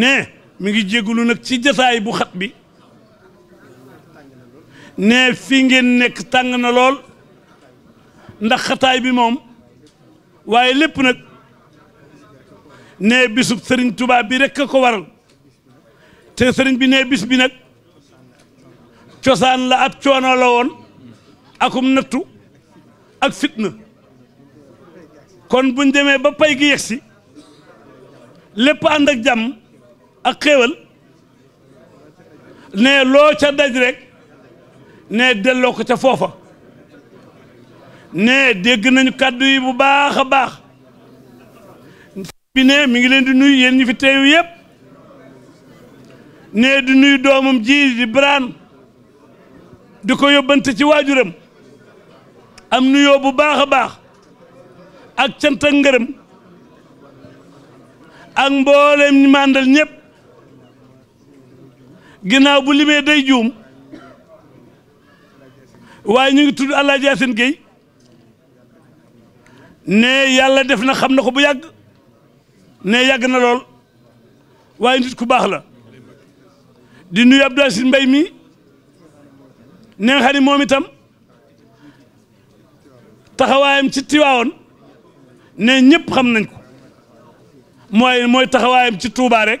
ne mi ngi jégalu nag ci jataay bu xat bi ne fii ngeen nekk tàng na lool ndax xataay bi moom waaye lépp nag ne bisub sëriñ tubaab bi rekk a ko waral te sëriñ bi ne bis bi nag cosaan la ak coono la woon akum nattu ak fitna kon buñ demee ba pay gi yegsi lépp ànd ak jàmm ak xéewal ne loo ca daj rek ne delloo ko ca foofa ne dégg nañu kàddu yi bu baax a baax bi ne mi ngi leen di nuyu yéen ñi fi teew yëpp ne di nuyu doomam ji di biraan di ko yóbbante ci waajuram am nuyoo bu baax a baax ak cant ak ngërëm ak mboolem ñi màndal ñëpp ginnaaw bu limee day juum waaye ñu ngi tudd Alaaji Asan Géey ne yàlla def na xam na ko bu yàgg ne yàgg na lool waaye nit ku baax la di nuyu Abdou Aziz Mbay mi ne nga moom itam taxawaayam ci Tiwaawoon ne ñëpp xam nañ ko mooy mooy taxawaayam ci Tuubaa rek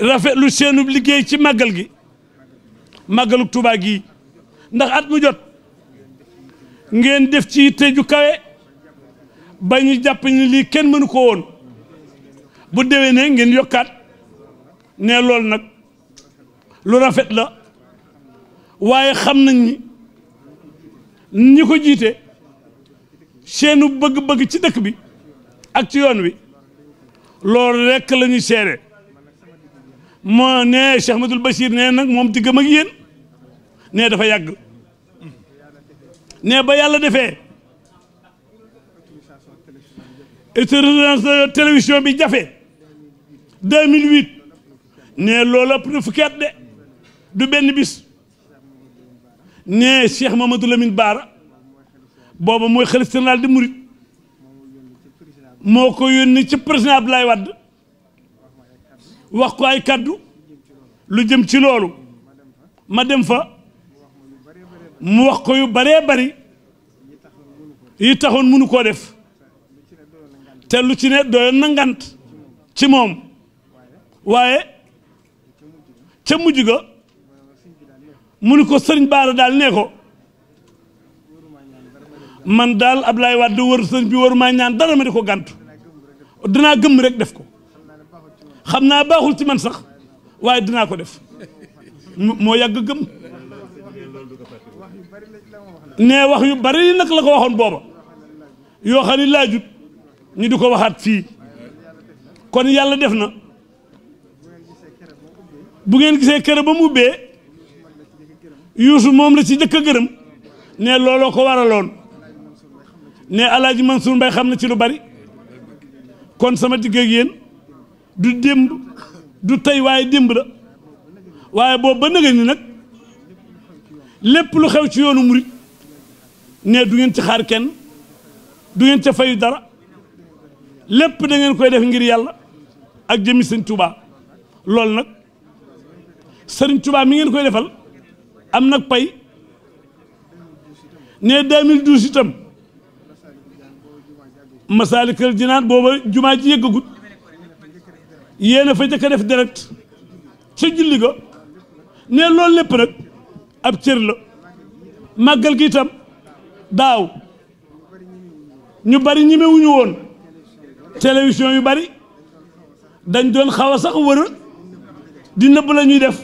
rafet lu seenu liggéey ci màggal gi màggalu Tuubaa gi ndax at mu jot ngeen def ci yitte ju kawe ba ñu jàpp ni lii kenn mënu ko woon bu déwénee ngeen yokkaat ne lool nag lu rafet la waaye xam nañ ni ñi ko jiite seenu bëgg-bëgg ci dëkk bi ak ci yoon wi loolu rekk lañuy ñuy seere moo ne Cheikh Ahmadul Bachir ne nag moom diggam ak yéen ne dafa yàgg ne ba yàlla defee autorisation bi jafe 2008 ne loolu ëpp na fukki de du benn bis ne Cheikh Mamadou Lamine Baara booba mooy xalifa général de moo ko yónni ci président Abdoulaye Wade wax ko ay kàddu lu jëm ci loolu ma dem fa mu wax ko yu baree bari yi taxoon munu koo def te lu ci ne doyoon na ngant ci moom waaye ca mujj ga munu ko sëriñ baara daal nee ko man daal Ablaye Wade wër sëriñ bi maa ñaan dara ma di ko gàntu danaa gëm rek def ko xam naa baaxul ci man sax waaye dinaa ko def moo yàgg gëm ne wax yu bari yi nag la ko waxoon booba yoo xam ne laajut ñu di ko waxaat fii kon yàlla def na bu ngeen gisee kër ba mu ubbee yuusu moom la ci njëkk a gërëm ne looloo ko waraloon ne alaaji Mansour Mbaye xam na ci lu bari kon sama digg ak yéen du démb du tey waaye démb la waaye boobu ba nëgë nag lépp lu xew ci yoonu murit ne du ngeen ci xaar kenn du ngeen ca fayu dara lépp da ngeen koy def ngir yàlla ak jëmi sëñ Touba loolu nag sëriñ tubaa mi ngeen koy defal am nag pay ne 2012 itam Masaalikal Jinaan booba jumaa ji yëggagut yéen a fa njëkk a def direct sa julli ga ne loolu lépp nag ab cër la màggal gi itam daaw ñu bari ñimewuñu woon télévision yu bari dañ doon xaw a sax wër di nëbb la ñuy def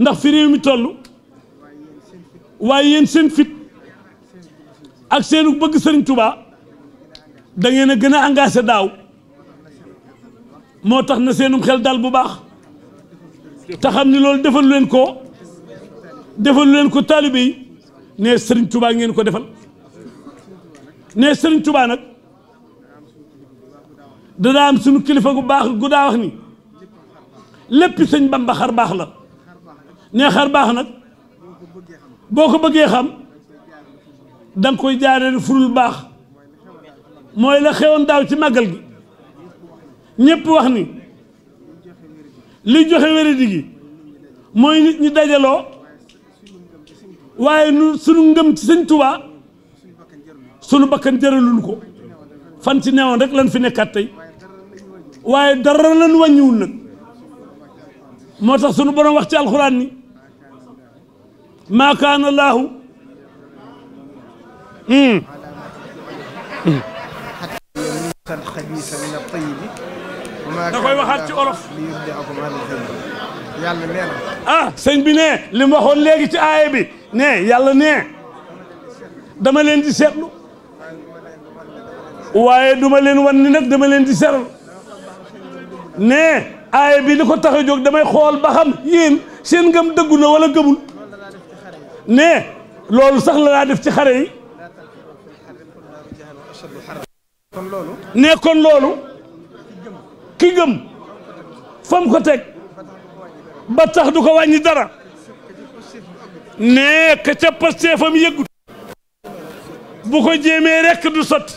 ndax fi réew mi toll waaye yéen seen fit ak seenu bëgg sëriñ Tuubaa da ngeen a gën a engagé daaw moo tax na seenum xel dal bu baax te xam ni loolu defal leen ko defal leen ko taalibe yi ne Serigne Touba ngeen ko defal ne Serigne Touba nag dana am suñu kilifa gu baax gu daa wax ni lépp sëñ Bamba xar baax la ne xar baax nag boo ko bëggee xam danga koy jaareel furul baax mooy la xewoon daaw ci màggal gi ñëpp wax ni li joxe wéradi gi mooy ñi dajaloo waaye nu sunu ngëm ci sëñ Tuubaa sunu bakkan jaralul ko fan ci neewoon rek lan fi nekkaat tey waaye dara lan wàññiwul nag moo tax sunu borom wax ci alxuraan ni maa kaana da koy waxaat ci olof yàlla nee na ah sëñ bi ne li mu waxoon léegi ci aaya bi ne yàlla nee dama leen di seetlu waaye duma leen wan ni nag dama leen di seetlu ne aaya bi li ko tax a jóg damay xool baxam xam yéen seen ngëm dëggu wala gëmul ne loolu sax la laa def ci xare yi ne kon loolu ki gëm fam ko teg ba tax du ko wàññi dara nekk ca pasteefam yëggut bu ko jéemee rekk du sotti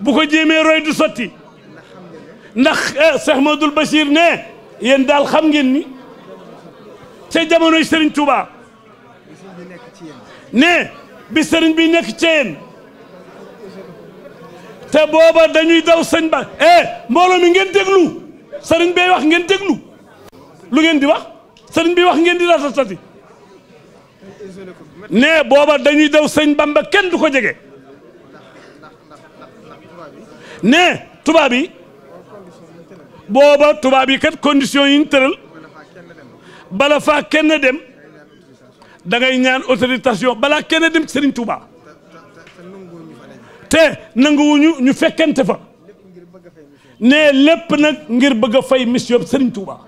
bu ko jéemee roy du sotti ndax eh, Cheikh Madul Bachir ne yéen daal xam ngeen ni ca jamonoy Serigne Touba ne bi sëriñ bi nekk ci te booba dañuy daw sëñ ba eh mbooloo mi ngeen déglu sëriñ bay wax ngeen déglu lu ngeen di wax sëriñ bi wax ngeen di ratatati ne booba dañuy daw sëñ bamba kenn du ko jege nee tubaab yi booba tubaab yi kat condition yi ñu bala faa kenn dem da ngay ñaan autorisation balaa kenn dem sëriñ tubaa te nanguwuñu ñu fekkente fa ne lépp nag ngir bëgg a fay mission Serigne Touba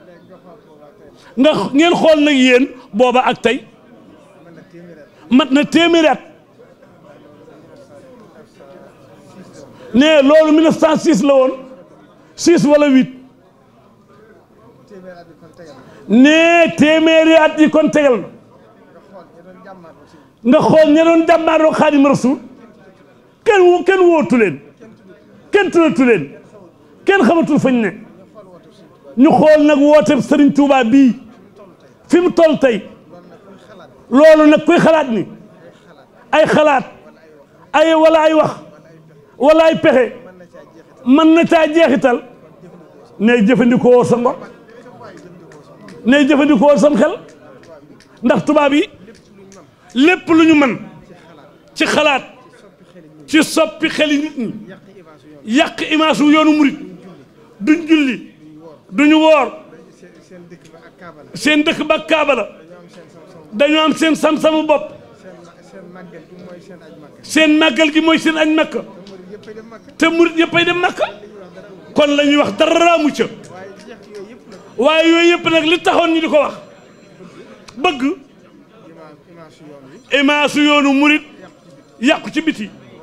nga ngeen xool nag yéen booba ak tey mat na téeméeri at ne loolu 1906 la woon 6 wala 8 ne téeméeri at yi kon tegal na nga xool ña doon jàmmaaroo Xaadimu Rasuul كان و... كان ووتولين كان تلتولين كان خبرتو فين نخول نك ووت سرين توبا بي فيم طولتي لولو نك كوي خلاتني اي خلات اي ولا اي وخ ولا اي بخي من نتا جيختال ني جيفانديكو سام ني جيفانديكو سام خل ci soppi xeli nit ñi yàq image wu yoonu murit duñ julli duñu woor seen dëkk ba kaaba la dañoo am seen sam-samu bopp seen màggal gi mooy seen añ makka te murit yëppay dem makka kon la ñuy wax dara mu ca waaye yooyu yëpp nag li taxoon ñu di ko wax bëgg image yoonu murit yàqu ci biti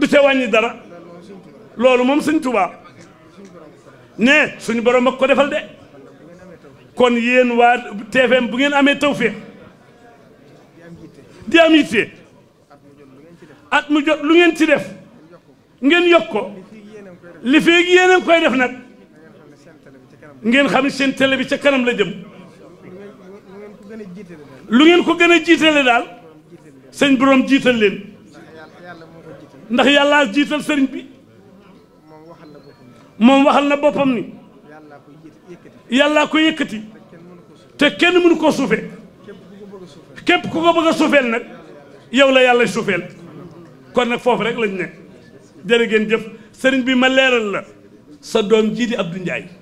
du ca wàññi dara loolu moom sëñ Tuubaa ne suñu borom ak ko defal de kon yéen waa TFM bu ngeen amee tawféex di am yitte at mu jot lu ngeen ci def ngeen yokk ko li feeg yéen a koy def nag ngeen xam seen télé bi ca kanam la jëm lu ngeen ko gën a jiitale daal sëñ borom jiital leen. ndax yalla jiital sëriñ bi mom waxal na bopam ni yalla ko yekati te kenn mënu ko soufé kep ku ko bëgg a nak yow la yàlla suufeel kon nak fofu rek lañ nek jërë ngeen jëf sëriñ bi ma leral la sa doom jidi Abdou ndjay